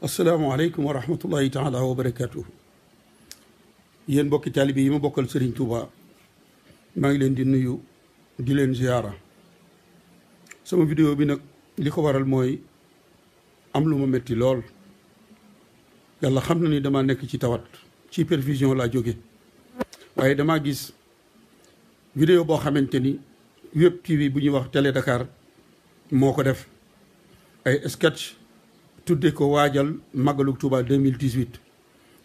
assalaamu aleykum wa rahmatullahi taala wa barakatuhu yéen mbokki taalibe yi ma bokkal sëriñ Touba maa ngi leen di nuyu di leen ziyaara sama vidéo bi nag li ko waral mooy am lu ma metti lool yàlla xam na ni dama nekk ci tawat ci perfusion laa jóge waaye damaa gis vidéo boo xamante ni web tv bu ñuy wax télé Dakar moo ko def ay sketch tudde ko waajal màggalu Touba 2018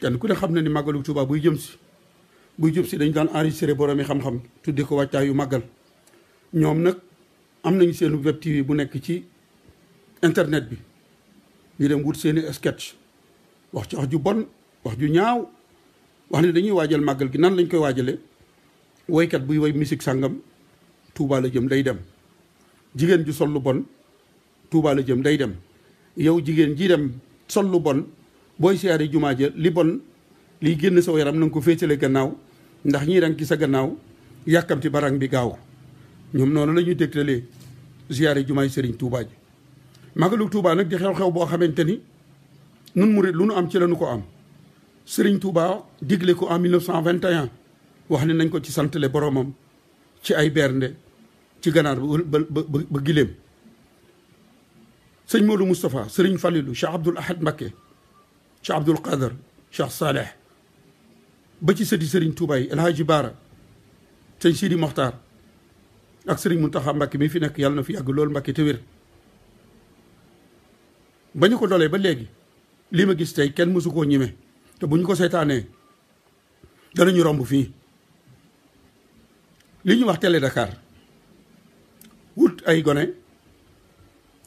kenn ku ne xam na ni màggalu Touba buy jëm si buy jëm si dañu daan enregistré boroomi xam-xam tudde ko wàccaa yu màggal ñoom nag am nañu seen web TV bu nekk ci internet bi ñu dem wut seeni sketch wax ci wax ju bon wax ju ñaaw wax ne dañuy waajal màggal gi nan lañ koy waajale woykat buy woy musique sàngam tuubaal la jëm day dem jigéen ju sol lu bon tuubaal la jëm day dem yow jigéen ji dem sol lu bon booy siyaare jumaa ja li bon liy génn soo yaram nañ ko féetale gannaaw ndax ñii dang ki sa gannaaw yàkkamti barang bi gaaw ñoom noonu la ñuy dégtalee siyaare jumaay Serigne Touba ji magalu tuubaa nag di xew-xew boo xamante ni nun murit lu nu am ci lanu ko am Serigne Touba digle ko en 1921 wax ne nañ ko ci santale boromam ci ay bernde ci ganaar ba ba ba giléem سيد مولو مصطفى سيرين فاليلو شيخ عبد الاحد مكه شيخ عبد القادر شا صالح بجي سيدي سيرين توباي الهاج بارا سيد سيدي مختار اك سيرين منتخب مكه مي في نك يالنا في اغ لول مكه تير باني كو دولي با لغي لي ما غيس تاي كين نيمي تو بو سيطاني دا نيو رومب في لي ني واخ تيلي دكار ووت اي غوني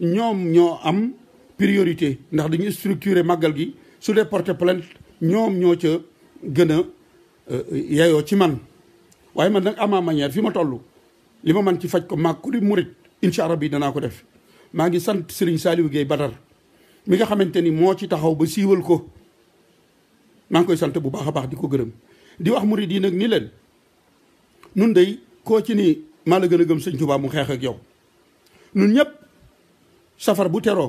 ñoom ñoo am priorité ndax dañuy structurer màggal gi su dee porté plainte ñoom ñoo ca gën a euh, yeyoo ci man waaye man nag amaa ma manière fi ma toll li ma man ci faj ko maag ku di murit incha danaa ko def maa ngi sant Serigne Saliou Gueye Badar mi nga xamante ni moo ci taxaw ba siiwal ko maa ngi koy sant bu baax a baax di ko gërëm di wax murit yi nag ni leen nun day koo ci ni maa la gën a gëm sëñ Tuubaa mu xeex ak yow nun ñëpp safar bu dan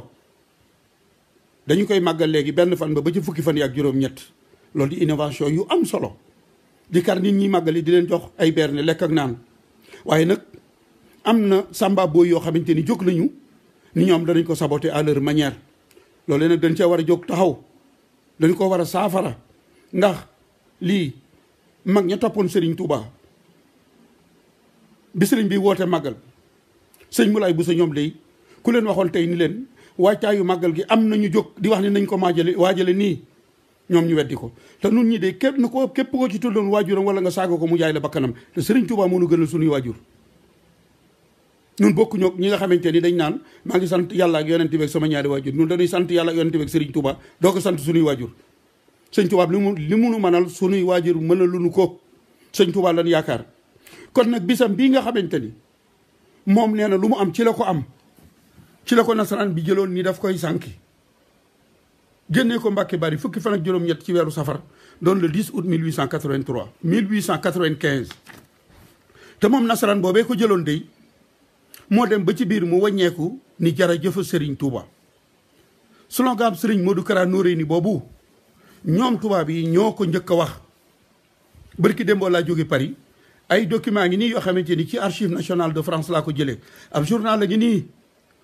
dañu koy magal léegi benn fan ba ba ci fukki fan yak ñet lool di innovation yu am solo di kar nit ñi magali di leen jox ay berne lek ak naan waye nak amna samba boyo yo xamanteni jog lañu ni ñom dañ ko saboter à leur manière lolé nak dañ ci wara jog taxaw dañ ko wara safara ndax li mag ña topone Serigne Touba bi Serigne bi wote magal serigne Moulay bu sa ñom lay ku leen waxoon tey ni leen waajtaayu màggal gi am na ñu jóg di wax ne nañ ko maajale waajale nii ñoom ñu weddi ko te nun ñi de képp na ko képp ko ci tuddoon waajuram wala nga saaga ko mu jaay la bakkanam te sëriñ Tuubaa moo nu gënal suñuy waajur ñun bokk ñoo ñi nga xamante ni dañ naan maa ngi sant yàlla ak yonent sama ñaari waajur ñun dañuy sant yàlla ak yonent bi ak sëriñ Tuubaa doo ko sant suñuy waajur sëñ Tuubaa li mu li munu mënal suñuy waajur mënaluñu ko sëñ Tuubaa yaakaar kon nag bisam bii nga xamante ni moom nee na lu mu am ci la ko am ci la ko nasaraan bi jëloon ni daf koy sànki génnee ko Mbàkke Bari fukki fan ak juróom-ñett ci weeru safar doon le 10 août 1883 1895 te moom nasaraan boobee ko jëloon dey moo dem ba ci biir mu wàññeeku ni jërëjëf Serigne Touba slogan Serigne Modou Kara ni boobu ñoom tubaab yi ñoo ko njëkk a wax bërki démboo laa jóge Paris ay document ngi nii yoo xamante ni ci archive nationale de France laa ko jëlee ab journal la ngi nii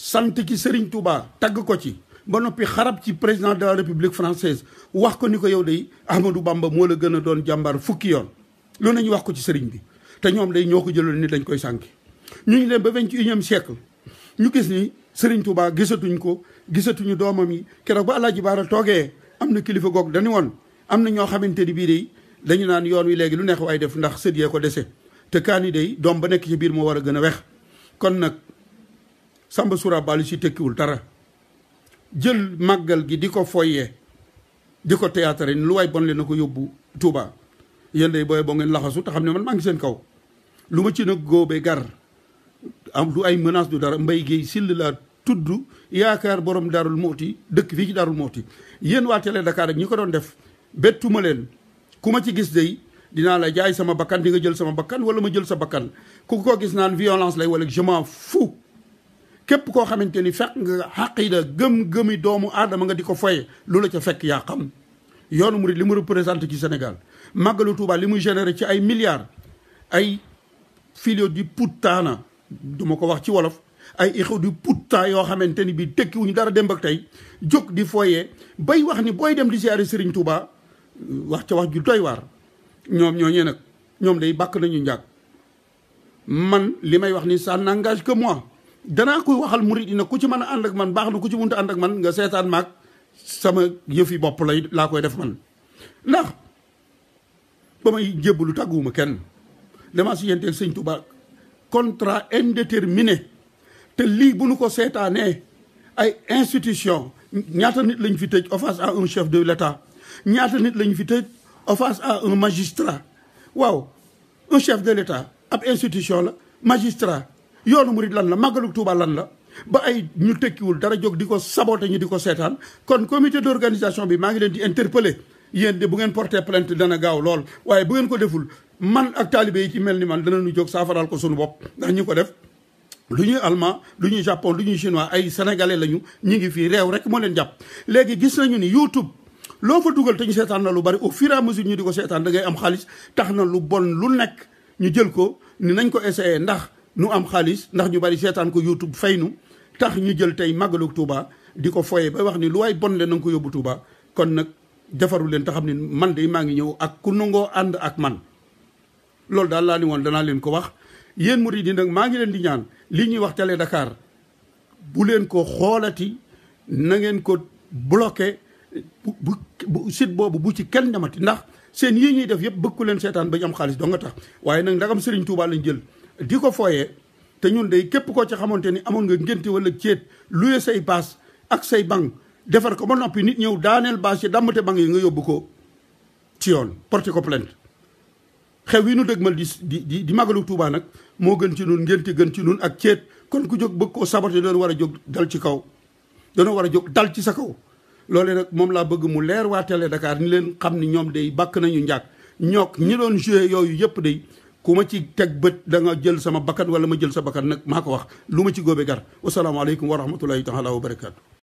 sant ki Serigne Touba tagg ko ci ba noppi xarab ci président de la république française wax ko ni ko yow day du Bamba moo la gën a doon jàmbaar fukki yoon loolu nañu wax ko ci Serigne bi te ñoom day ñoo ko jëloon ni dañ koy sànki ñu ngi leen ba vingt-et-unième ñu gis ni Serigne Touba gisatuñ ko gisatuñu doomam yi keroog ba Alaaji Baara toogee am na kilifa goog dañu woon am na ñoo xamante ni bii day dañu naan yoon wi léegi lu neex waay def ndax sët ko dese te kaani dey doom ba nekk ci biir moo war a gën a wex kon nag samba surabaali si tekkiwul dara jël magal gi diko ko diko di ko théâtre ni luway bon leen ko yóbbu Touba yende boy bo ngeen laxasu ta xamne man mangi seen kaw luma ci nak gobe gar am lu ay menace du dara mbay gi sil la tuddu yaakar borom darul moti dekk fi ci darul mooti yeen wa Télé Dakar ñi ko don def bettuma leen kuma ci gis dina la jaay sama bakkan di nga jël sama bakkan wala ma jël sa bakkan ku ko gis naan violence lay wala je m'en fous képp koo xamante ni fekk nga xaqida gëm-gëmi doomu aadama nga di ko foye lu la ca fekk yaa xam yoonu murid li mu représenté ci Sénégal màggalu Tuuba li muy généré ci ay milliards ay filio di puttaana du duma ko wax ci wolof ay ixu di putta yoo xamante ni bii tekki dara démb ak tey jóg di fooye bay wax ni booy dem di siyaare Serigne Touba wax ca wax ju doy waar ñoom ñooñee nag ñoom day bàkk nañu njàkk man li may wax ni sa n'engage que moi danaa koy waxal murit yi nag ku ci mën a ànd ak man baax na ku ci mënut a ànd ak man nga seetaan maag sama yëfi bopp lay laa koy def man ndax ba may jébbalu tàgguwuma kenn damaa si yenteeg sëñ Tuubaa contrat indéterminé te lii bu nu ko seetaanee ay institution ñaata nit lañ fi tëj offense à un chef de l'État ñaata nit lañ fi tëj offense à un magistrat waaw un chef de l'État ab institution la magistrat yoonu murit lan la màggalu Tuuba lan la ba ay ñu tekkiwul dara jóg di ko saboté ñu di ko seetaan kon comité d'organisation bi maa ngi leen di interpeller yéen de bu ngeen porté plainte dana gaaw lool waaye bu ngeen ko deful man ak taalibe yi ci mel ni man danañu jóg saafaraal ko sunu bopp ndax ñu ko def lu ñuy allemand lu ñuy japon lu ñuy chinois ay sénégalais lañu ñu ngi fii réew rek moo leen jàpp léegi gis nañu ni youtube loo fa dugal te ñu seetaan na lu bari au fur et à di ko seetaan da ngay am xaalis tax na lu bon lu nekk ñu jël ko ni nañ ko essayé ndax nu am xaliss ndax ñu bari seetaan ko youtube faynu nu tax ñu jël tey màggalu Touba diko ko ba wax ni lu bon le nang ko yobbu Touba kon nak defaru len tax ni ne man day maangi ñew ak ku nungo and ak man lol daal la ni woon danaa len ko wax yeen mouride nak maangi len di ñaan li ñi wax télé Dakar bu len ko xolati na ngeen ko bloquer bu bu site boobu bu ci kenn demati ndax seen yi ñi def yeb bëgg ku leen am xaalis nga tax waye nak ndagam Serigne Touba lañ jël di ko fooyee te ñun day képp koo ci xamante ni amoon nga ngénte wala céet luye say baas ak say bank defar ko ba noppi nit ñëw daaneel baas yi dàmmate bank yi nga yóbbu ko ci yoon porté ko plainte xew yi nu dëgmal di di di màggalu Tuubaa nag moo gën ci nun ngénte gën ci nun ak céet kon ku jóg bëgg koo saboté doon war a jóg dal ci kaw doona war a jóg dal ci sa kaw loolu nag moom laa bëgg mu leer waa Télé Dakar ni leen xam ni ñoom day bàkk nañu njàkk ñook ñi doon joué yooyu yëpp day ku ma ci teg bët da nga jël sama bakkan wala ma jël sa bakkan nag maa ko wax lu ma ci góobe gar wasalaamaaleykum wa rahmatullahi taala wa barakaatu